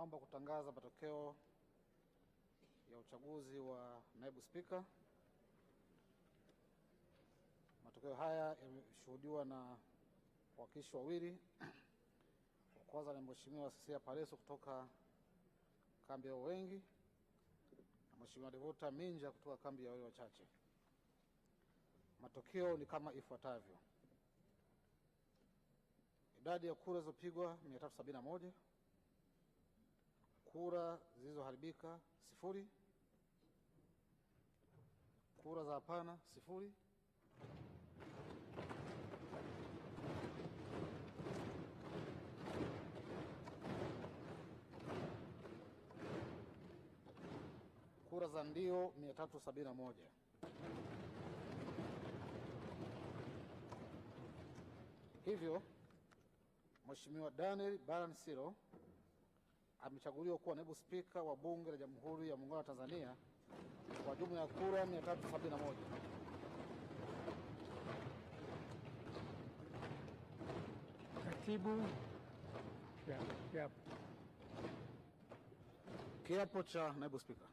Naomba kutangaza matokeo ya uchaguzi wa naibu spika. Matokeo haya yameshuhudiwa na wawakilishi wawili. Wa kwanza ni Mheshimiwa Sisia Pareso kutoka kambi ya wengi na Mheshimiwa Devota Minja kutoka kambi ya walio wachache. Matokeo ni kama ifuatavyo: idadi ya kura zilizopigwa 371 Kura zilizoharibika sifuri. Kura za hapana sifuri. Kura za ndio 371. Hivyo Mheshimiwa Daniel baran Balansiro amechaguliwa kuwa naibu spika wa bunge la Jamhuri ya Muungano wa Tanzania kwa jumla ya kura 371. Katibu kiapo cha naibu spika.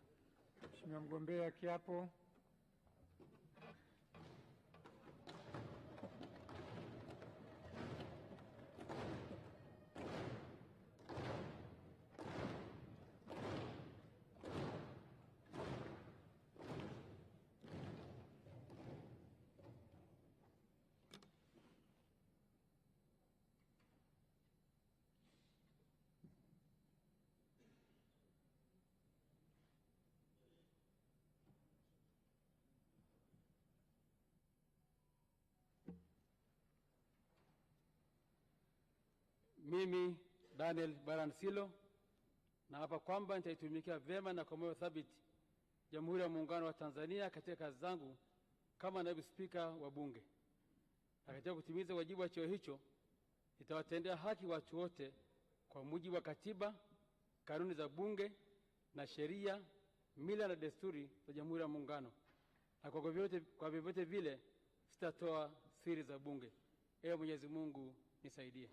Mheshimiwa mgombea, kiapo. mimi Daniel Baransilo hapa kwamba nitaitumikia vyema na kwa moyo thabiti Jamhuri ya Muungano wa Tanzania katika kazi zangu kama naibu spika wa Bunge, na katika kutimiza wajibu wa cheo hicho nitawatendea haki watu wote kwa mujibu wa Katiba, kanuni za Bunge na sheria, mila na desturi za Jamhuri ya Muungano, na kwa vyovyote vile sitatoa siri za Bunge. ewe Mwenyezi Mungu nisaidie.